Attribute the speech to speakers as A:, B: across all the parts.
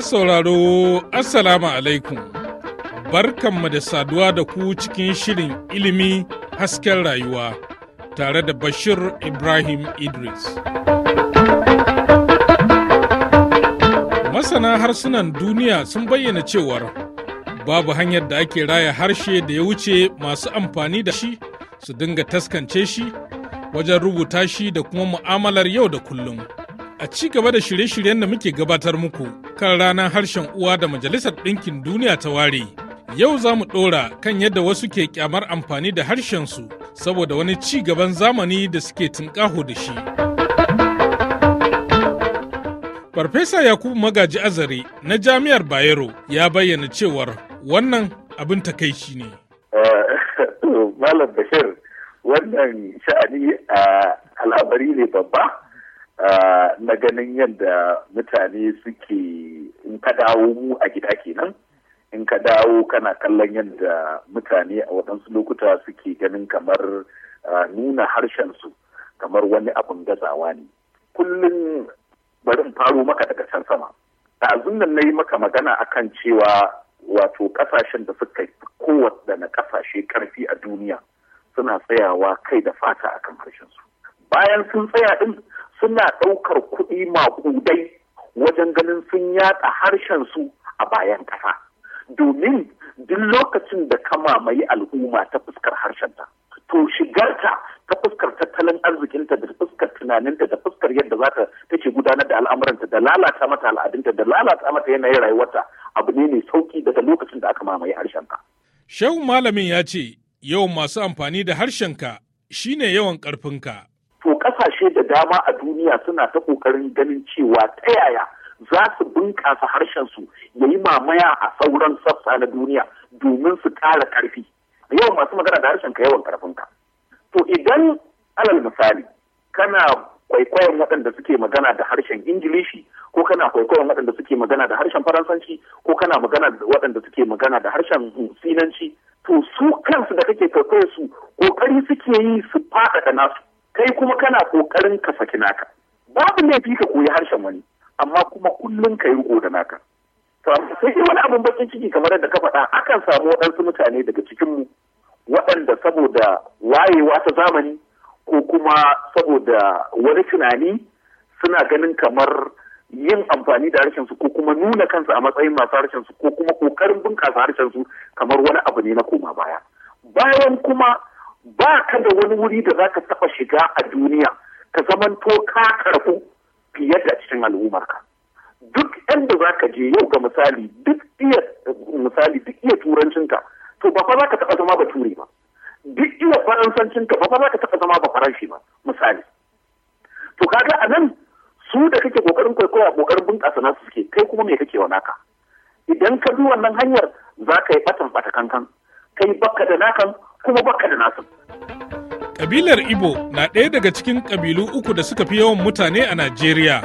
A: sauraro, Assalamu alaikum. Barkanmu da saduwa da ku cikin shirin ilimi hasken rayuwa tare da Bashir Ibrahim Idris. Masana harsunan duniya sun bayyana cewar babu hanyar da ake raya harshe da ya wuce masu amfani da shi su dinga taskance shi wajen rubuta shi da kuma mu'amalar yau da kullum. a ci gaba da shirye-shiryen da muke gabatar muku kan ranar harshen uwa da Majalisar Ɗinkin Duniya ta ware. Yau za mu ɗora kan yadda wasu ke kyamar amfani da harshensu saboda wani ci gaban zamani da suke tunƙaho da shi. Farfesa Yakubu Magaji Azare na Jami'ar Bayero ya bayyana cewar wannan abin takaici ne.
B: Malam Bashir, wannan sha'ani a ah, al'abari ne babba. Ah, na ganin yadda mutane suke in ka dawo mu a gida kenan in ka dawo kana kallon yadda mutane a waɗansu lokuta suke ganin kamar ah, nuna harshen su, kamar wani abin gazawa ne kullum barin faro maka daga can sama A nan na yi maka magana akan cewa wato ƙasashen da suka fi na ƙasashe ƙarfi a duniya suna tsayawa kai da fata akan harshensu bayan sun tsaya ɗin suna ɗaukar kuɗi maƙudai wajen ganin sun yaɗa harshen su a bayan ƙasa domin duk lokacin da ka mamaye al'umma ta fuskar harshenta to shigarta ta fuskar tattalin arzikinta da fuskar tunaninta da fuskar yadda za ta take gudanar da al'amuranta da lalata mata al'adunta da lalata mata yanayin rayuwarta abu ne mai sauƙi daga lokacin da aka mamaye harshenta.
A: Shehu malamin ya ce yau masu amfani da harshen ka shine yawan ka.
B: to kasashe da dama a duniya suna ta kokarin ganin cewa ta yaya za su bunƙasa harshensu ya yi mamaya a sauran sassa na duniya domin su ƙara ƙarfi yawan masu magana da harshen ka yawan ƙarfinka to idan alal misali kana kwaikwayon waɗanda suke magana da harshen ingilishi ko kana kwaikwayon waɗanda suke magana da harshen faransanci ko kana magana da waɗanda suke magana da harshen sinanci to su kansu da kake kwaikwayo su ƙoƙari suke yi su faɗaɗa nasu kai kuma kana kokarin ka saki naka babu laifi ka koyi harshen wani amma kuma kullum ka yi riko da naka sai wani abin bakin ciki kamar yadda ka faɗa akan samu waɗansu mutane daga cikin cikinmu waɗanda saboda wayewa ta zamani ko kuma saboda wani tunani suna ganin kamar yin amfani da harshen su ko kuma nuna kansu a matsayin masu harshen su ko kuma kokarin bunƙasa harshen su kamar wani abu ne na koma baya bayan kuma ba ka da wani wuri da za ka taɓa shiga a duniya ka zamanto ka karɓu fiye da cikin al'ummarka duk inda za ka je yau ga misali duk iya misali duk iya turancinka to ba fa za ka taɓa zama ba ture ba duk iya faransancinka ba fa za ka taɓa zama ba faranshi ba misali to kaga a nan su da kake kokarin kwaikwaya kokarin bunƙasa nasu suke kai kuma me kake wa naka idan ka bi wannan hanyar za ka yi ɓatan ɓata kankan kai baka da nakan kuma baka
A: da nasu. Kabilar Ibo na ɗaya daga cikin ƙabilu uku da suka fi yawan mutane a Najeriya.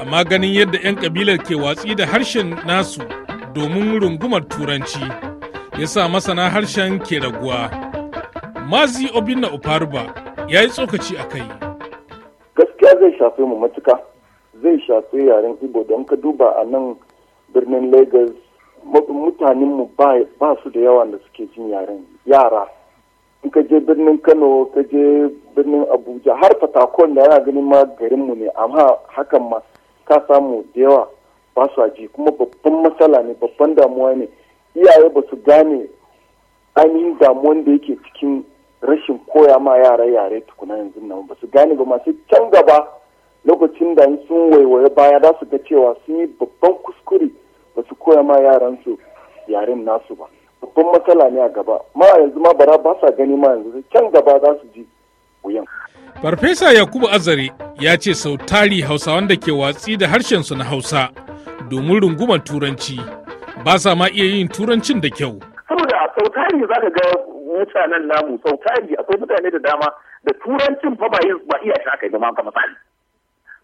A: Amma ganin yadda 'yan ƙabilar ke watsi da harshen nasu domin rungumar Turanci, ya sa masana harshen ke raguwa. Mazi Obinna Uparuba ya yi tsokaci a kai.
B: Gaskiya zai shafe mu matuka, zai shafe yaren Ibo don ka duba a nan birnin Lagos mutanenmu ba su da yawa da suke jin yaren yara in ka je birnin kano ka je birnin abuja har fatakon da yana ganin ma garinmu ne amma hakan ma ka samu da yawa ba su ji kuma babban matsala ne babban damuwa ne iyaye ba su gane ainihin damuwan da yake cikin rashin koya ma yara yare tukuna yanzu nan ba su gane ba masu can gaba lokacin da sun waiwaye baya za su ga cewa sun yi babban kuskure ba su koya ma yaran su yaren nasu ba babban matsala ne a gaba ma yanzu ma bara ba sa gani ma yanzu can gaba za su ji wuyan
A: farfesa yakubu azare ya ce sau tari hausawan da ke watsi da harshen su na hausa domin rungumar turanci ba sa ma iya yin turancin da kyau
B: saboda sau tari za ka ga mutanen namu sau tari akwai mutane da dama da turancin fa ba iya shi aka yi ba ma misali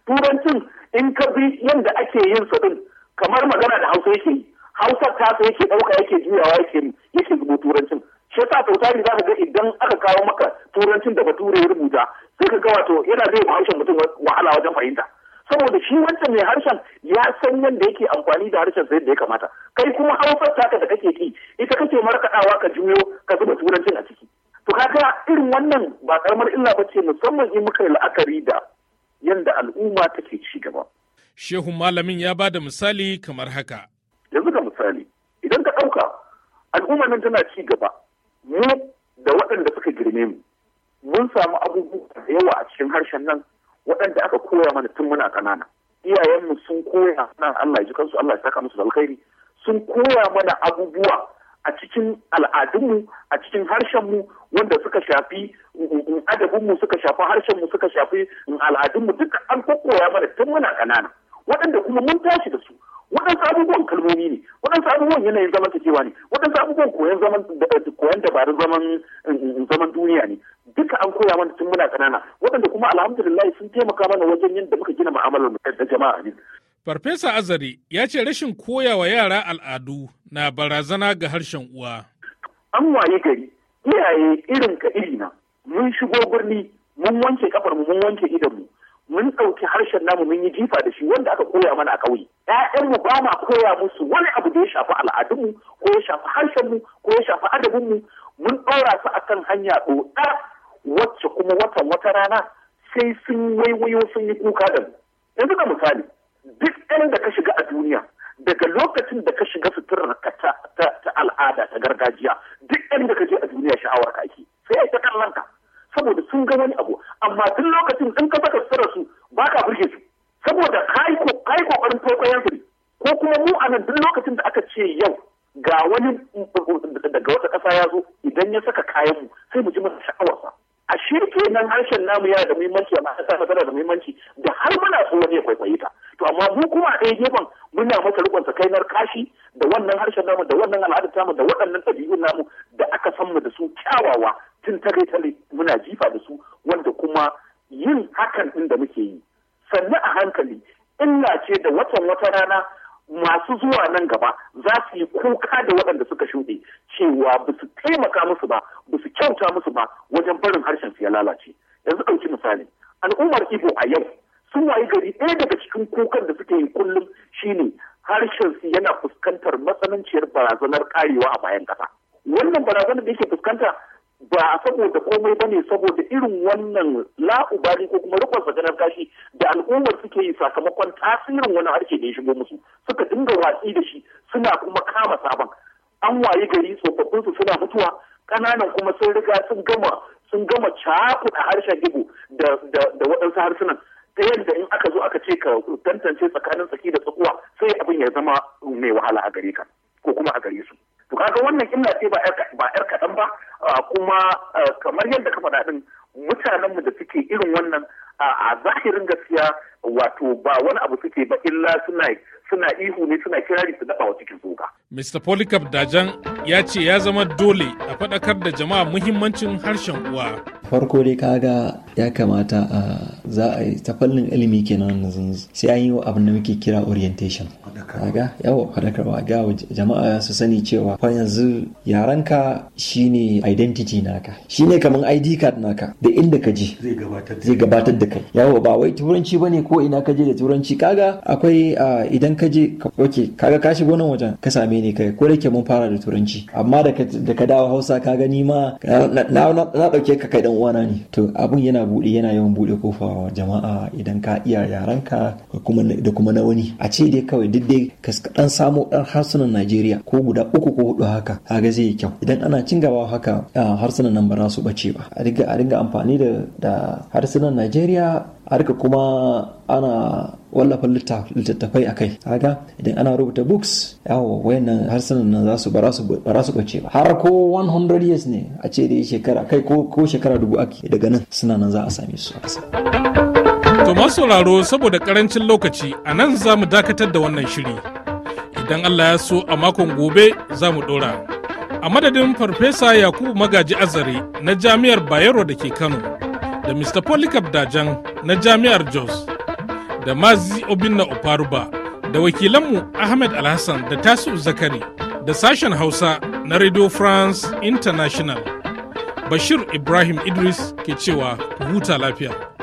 B: turancin in ka bi yadda ake yin su din kamar magana da hausa yake yi hausa ta so yake ɗauka yake juyawa yake yake zubo turancin shi yasa tari za ka ga idan aka kawo maka turancin da bature ya rubuta sai ka ga wato yana zai ba harshen mutum wahala wajen fahimta saboda shi wancan mai harshen ya san yadda yake amfani da harshen sa da ya kamata kai kuma hausar taka da kake ki ita kake markaɗawa ka juyo ka zuba turancin a ciki to kaga irin wannan ba karamar illa ba ce musamman in muka yi la'akari da yadda al'umma take ci gaba
A: Shehu malamin ya ba da misali kamar haka. Yanzu ga misali, idan ka ɗauka al'umma nan tana
B: ci gaba, mu da waɗanda suka girme mu, mun samu abubuwa da yawa a cikin harshen nan waɗanda aka koya mana tun muna ƙanana. Iyayenmu sun koya mana Allah ji kansu Allah ya saka musu alkhairi sun koya mana abubuwa a cikin al'adunmu a cikin harshen mu wanda suka shafi adabinmu suka shafi mu suka shafi al'adunmu duka an koya mana tun muna ƙanana. waɗanda kuma mun tashi da su waɗansu abubuwan kalmomi ne waɗansu abubuwan yanayin zaman takewa ne waɗansu abubuwan koyon zaman koyon dabarun zaman zaman duniya ne duka an koya mana tun muna ƙanana waɗanda kuma alhamdulillah sun taimaka mana wajen yadda muka gina mu'amalar da jama'a ne.
A: Farfesa Azari ya ce rashin koya wa yara al'adu na barazana ga harshen uwa.
B: An waye gari iyaye irin ka irina mun shigo birni mun wanke kafar mu mun wanke idanmu mu mun ɗauki harshen namu mun yi jifa da shi wanda aka koya mana a ƙauye mu ba ma koya musu wani abu da ya shafi al'adunmu ko ya shafi harshenmu ko ya shafi adabinmu mun ɗora su a kan hanya ɗoɗa wacce kuma watan wata rana sai sun waiwayo sun yi kuka da mu yanzu ga misali duk ɗan da ka shiga a duniya daga lokacin da ka shiga suturar ka ta, al'ada ta gargajiya duk ɗan da ka je a duniya sha'awar ka ake sai ya ta kallon ka saboda sun ga wani abu amma duk lokacin in ka A wani daga wata ƙasa ya zo idan ya saka kayanmu sai mu ji masa sha'awarsa a shirke nan harshen namu yana da muhimmanci amma ta tana da muhimmanci da har muna so wani ya kwaikwayi ta to amma mu kuma a ɗaya gefen muna masa rikon kai kashi da wannan harshen namu da wannan al'adar tamu da waɗannan ɗabi'un namu da aka san mu da su kyawawa tun tare tare muna jifa da su wanda kuma yin hakan ɗin da muke yi sannu a hankali illa ce da watan wata rana masu zuwa nan gaba za su yi kuka da waɗanda suka shuɗe cewa ba su taimaka musu ba ba su kyauta musu ba wajen barin harshen su ya lalace yanzu ɗauki misali al'ummar ibo a yau sun wayi gari ɗaya daga cikin kukan da suke yi kullum shine harshen su yana fuskantar matsananciyar barazanar karewa a bayan ƙasa wannan barazanar da yake fuskanta da komai ba ne saboda irin wannan la'ubari ko kuma rikon saganar kashi da al'ummar suke yi sakamakon tasirin wani harshe da ya shigo musu suka dinga watsi da shi suna kuma kama sabon an wayi gari tsofaffin su suna mutuwa kananan kuma sun riga sun gama sun gama cakuɗa harshen gibu da waɗansu harsunan ta yadda in aka zo aka ce ka tantance tsakanin tsaki da tsakuwa sai abin ya zama mai wahala a gare ka ko kuma a gare su to kaga wannan illa ce ba yar kaɗan ba kuma kamar yadda ka faɗa ɗin mutanenmu da suke irin wannan a zahirin gaskiya wato ba wani abu suke ba illa suna suna ihu ne suna kirari su daɗa wa cikin zuga.
A: Mr. Polycarp Dajan ya ce ya zama dole a faɗakar da jama'a muhimmancin harshen uwa.
C: Farko dai ga. ya kamata a za a yi ta fannin ilimi kenan na zanzu sai an yi wa abin da muke kira orientation kaga yawo fadakarwa ga jama'a su sani cewa kwan yanzu yaranka shine identity naka shine kaman ID card naka da inda ka je
B: zai gabatar da kai
C: Yawo ba wai turanci ba ne ko ina ka je da turanci kaga akwai idan ka je ka kaga kashi shigo wajen ka same ni kai ko da ke mun fara da turanci amma da ka dawo Hausa ka gani ma na dauke ka kai dan uwana ne to abun yana buɗe yana yawan buɗe kofa wa jama'a idan ka iya yarenka da kuma na wani a ce dai kawai duk dai ka dan samo dan harsunan Najeriya ko guda uku ko hudu haka kaga zai yi kyau idan ana cin gaba haka harsunan nan ba za su bace ba a dinga amfani da harsunan Najeriya a rika kuma ana wallafa littattafai a kai kaga idan ana rubuta books yawo wayannan harsunan nan za su bara su bace ba har ko 100 years ne a ce dai shekara kai ko shekara dubu ake daga nan suna nan za a same su a kasa
A: to masu sauraro saboda karancin lokaci a nan za mu dakatar da wannan shiri idan Allah ya so a makon gobe za mu dora a madadin farfesa yakubu magaji azare na jami'ar bayero da ke kano da Mr. Polycarp Dajan na Jami'ar Jos da Mazi Obinna Oparuba da wakilanmu Ahmed Alhassan da Tasu Zakari da sashen Hausa na Radio France International. Bashir Ibrahim Idris ke cewa huta lafiya.